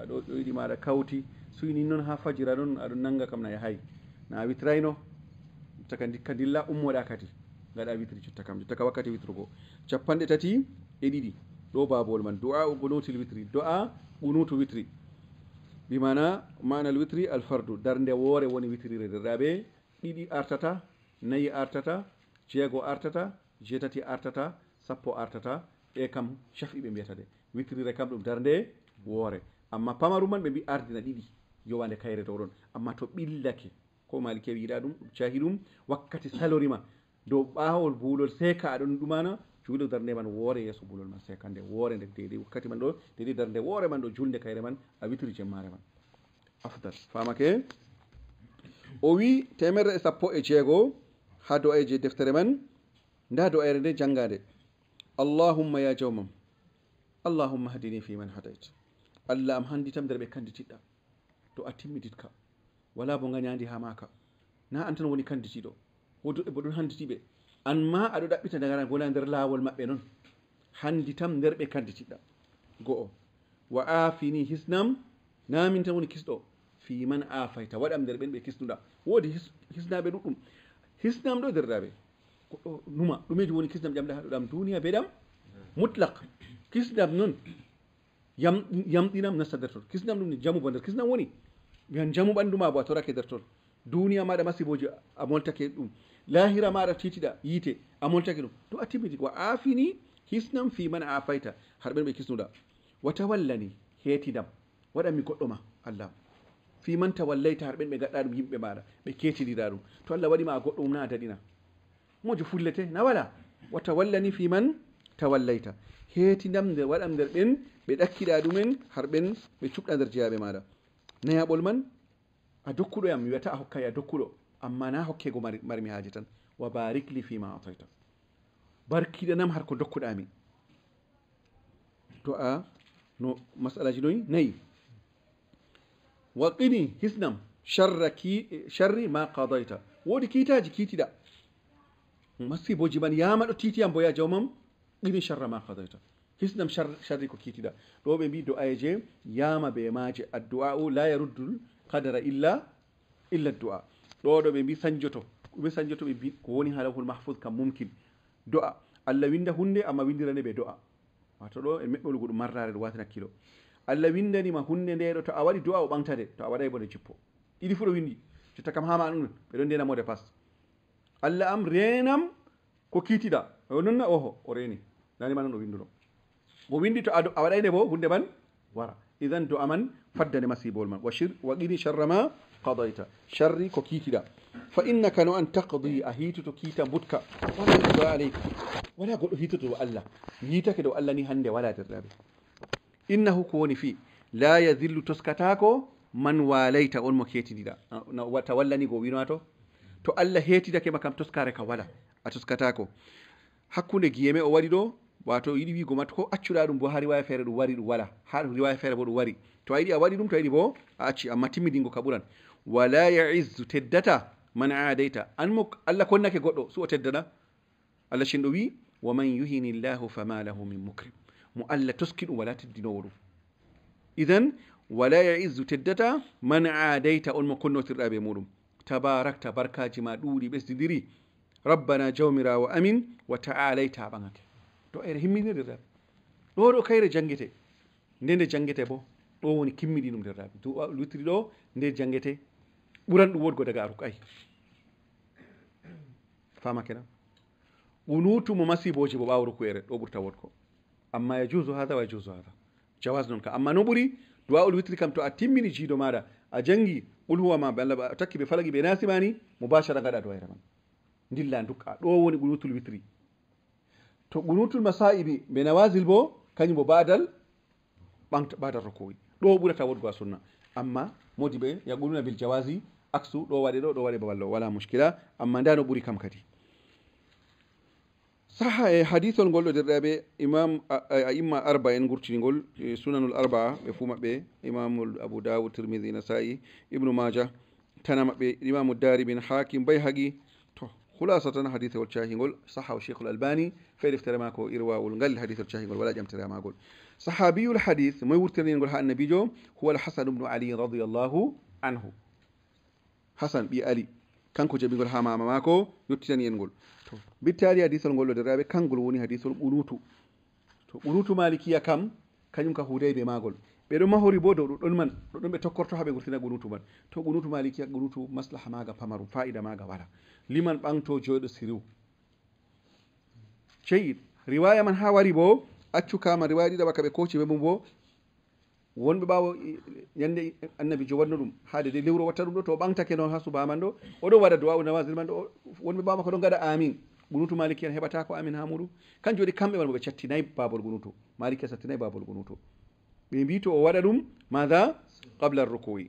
aɗo ɗoyiɗi maɗa kawti suynin noon ha fajira ɗon aɗo nanga kam na yahay e na witrayno taka dikka dilla ummoɗa kati gaɗa witri cotta kam jottaka wakkati witrugo capanɗe tati e ɗiɗi ɗo babowol man doa gunutil witri doa gunutu witri bimana manal witri alfardu darde woore woni witrire derɗaɓe ɗiɗi artata nayi artata jeego artata jeetati artata sappo artata e ɓe kam cafiɓe mbiyata de witrire kam ɗum darde woore mm -hmm. amma pamaru man ɓe mbi ardina ɗiɗi yowande kayre dow ɗon amma to ɓillake ko maliki en yiɗa ɗum cahi ɗum wakkati salorima ma dow ɓaawol buulol seka aɗon ɗumana juulo darde man woore yeeso buulol man seka nde woore nde dedei wakkati man ɗo dedei darnde woore man ɗo julde kayre man a witiri jemmare man afdal famake o wi temerre e sappo e jeego ha do aye je deftere man nda do ayre nde janngade allahumma ya jawmam allahumma hadini fi man hadayt allah am hanndi tan nder ɓe kanditiɗɗa to a timmititka wala bo gañandi ha maka na an tan woni kanditiɗo woduɓe bo ɗon handitiɓe an ma aɗo ɗaɓɓita dagara gona nder laawol maɓɓe noon handi tam nder ɓe kanditiɗɗa go'o wa afini hisnam na min tan woni kisɗo fi man afayta waɗam nder ɓen ɓe kisnuɗa woodi hisnaɓe ɗuɗɗum hisnam ɗo derɗaɓe goɗɗo numa ɗumeji woni kisnam ƴamɗa haɗo ɗam duniya be ɗam mutlak kisnam noon yamdinam nasta dartor kisnam ɗum jamu bandar kisnam woni gan jamu ɓandu ma bo a torake dartor duniya maɗa masiboji a moltake ɗum lahira maɗa titiɗa yiite a moltake ɗum to a timmiti wa afini hisnam fi man afaita har ɓen ɓe kisnuɗa wa tawallani heetidam waɗanmi goɗɗo ma allah fi man tawallayta har ɓen ɓe gaɗɗa ɗum yimɓe maɗa ɓe ketidira ɗum to allah waɗima a goɗɗo um na daɗina mojo fullete na wala wa tawallani fi man tawallayta hetinam nder waɗam nder ɓen ɓe ɗakkiɗa ɗumen har ɓen ɓe cuɓɗa nder jeyaɓe maɗa nayaɓol man a dokkuɗo yam mi wiyata a hokkai a dokkuɗo amma na hokkego marmi haaji tan wa barikli fima atoyta barkiɗanam har ko dokkuɗami to a no masalaji noyi nayi waqini hisnam sharri ma qadayta woodi kiitaji kiitiɗa masibo jiman yamaɗo titiyam boya jawmam ɗiɓe sharra ma kadayta hisnam sharri ko kiitiɗa ɗo ɓe mbi du'ae je yama be maje addu'a u la yaruddul kadara illa illa du'a ɗo ɗo ɓe mbi sanjoto ɓe sanjoto ɓe mbi ko woni halahul mahfud kam mumkin do'a allah winda hunde amma windirane ɓe do'a wato ɗo en meɓɓolugo ɗum marrare ɗo watin hakkilo allah windanima hunde nde ɗo to a waɗi du'a o ɓamtade to a waɗay bo nde jippo ɗiɗi fuu ɗo windi jotta kam hama ɗum ɓeɗo ndenamo de pas allah am renam ko kiitiɗa nonna oho o reni nanimanan o winduno mo windi to a waɗayne bo hunde man wara idan do aman faddane masibowol man wa qini sharra ma qadayta sharri ko kiitiɗa fa innaka no an taqdi a hiitoto kiita mbutka wala doa aleyka wala goɗɗo hiitoto dow allah yiitake dow allah ni hannde wala derɗaɓe innahu ko woni fi la yadillu toskatako man walayta on mo keetidiɗa tawallani go winoa to to allah heetidake ma kam toskare ka wala a toskatako hakkunde giyeme o wari ɗo wato yiɗi wigo mat ko accuɗa ɗum bo ha riwaya feere ɗum wari ɗum wala ha riwaya feere bo ɗum wari to a yiɗi a waɗi ɗum to a yiɗi bo a acci amma timmidingo ka ɓuran wala yaizzu teddata man adayta an mo allah konnake goɗɗo su o teddana allah cinɗo wi wa man yuhini llahu fama lahu min mukrim mo allah toski ɗum wala teddinowo ɗum idan wala yaizzu teddata man adayta on mo konnotirɗa be muɗum tabarakta barkaji ma ɗuuɗi ɓesdidiri rabbana jawmirawo amin wa ta'alay taɓagake to ere himmidiriraɓe ɗo ɗo kayre jangete nde nde jangete bo ɗo woni kimmiɗi ɗum derraɓe lutiri ɗo nde jangete ɓuran ɗum wodgo daga aruk ay fama kenan unutu mo masiboji bo ɓawo rukuere ɗo ɓurta wodko amma ya jusu hada wa ya hada jawas non ka amma no ɓuri duwa ol witiri kam to a timmini jiiɗo maɗa a jangi qul huwa ma ɓe allah takki ɓe falagi ɓe nasimani mubashara gaɗa duwayre man dilla dukka ɗo woni qunutul witri to qunutul masaibi be nawasil bo kañum bo badal ɓadal rokowi ɗo ɓurata wodgo a sunna amma modi ɓe yaquluna bil jawasi aksu ɗo waɗe ɗo ɗo waɗe babal o wala muskila amma nda no ɓuri kam kadi saha e hadisol ngol ɗo derɗaɓe imam a imma arba en gurtinigol sunanul arbaa ɓe fuu maɓɓe imamul abou daoud tirmidi nasai ibnu maja tana maɓɓe imamu dari bin hakim bay hagi خلاصة حديث والشاهينقول صح الشيخ الألباني فيرف ترماكو إروا ونقل حديث والشاهينقول ولا جم ترماكو صحابي الحديث ما يورتني نقول ها النبي جو هو الحسن بن علي رضي الله عنه حسن بي علي كان كوجا بيقول ها ماما ماكو يورتني نقول بالتالي حديث نقول درابي كان نقول وني حديث الأنوتو أنوتو مالكية كم كان يمكن هودي بماقول ɓe ɗo mahori bo dow ɗuɗɗon man ɗuɗɗon ɓe tokkorto ha ɓe wurtina gunutu man to gunutu malikiya gunutu maslaha maga pamaru fa'ida maga wala liman ɓanto joɗo siriw ceyid riwaya man ha wari bo accu kama riwaya ɗiɗa waka ɓe koci ɓe mum bo wonɓe ɓawo yande annabi jo wanno ɗum haade de lewro watta ɗum ɗo to ɓantake noon ha suba man ɗo oɗo waɗa duwa u nawasir man ɗo wonɓe ɓawo mako ɗon gaɗa amin gunutu maliki en heɓata ko amin ha muɗum kanjum waɗi kamɓe man ɓe cattinayi babol gunutu maliki a sattinayi babol gunutu بيبيتوا أولا ماذا قبل الركوع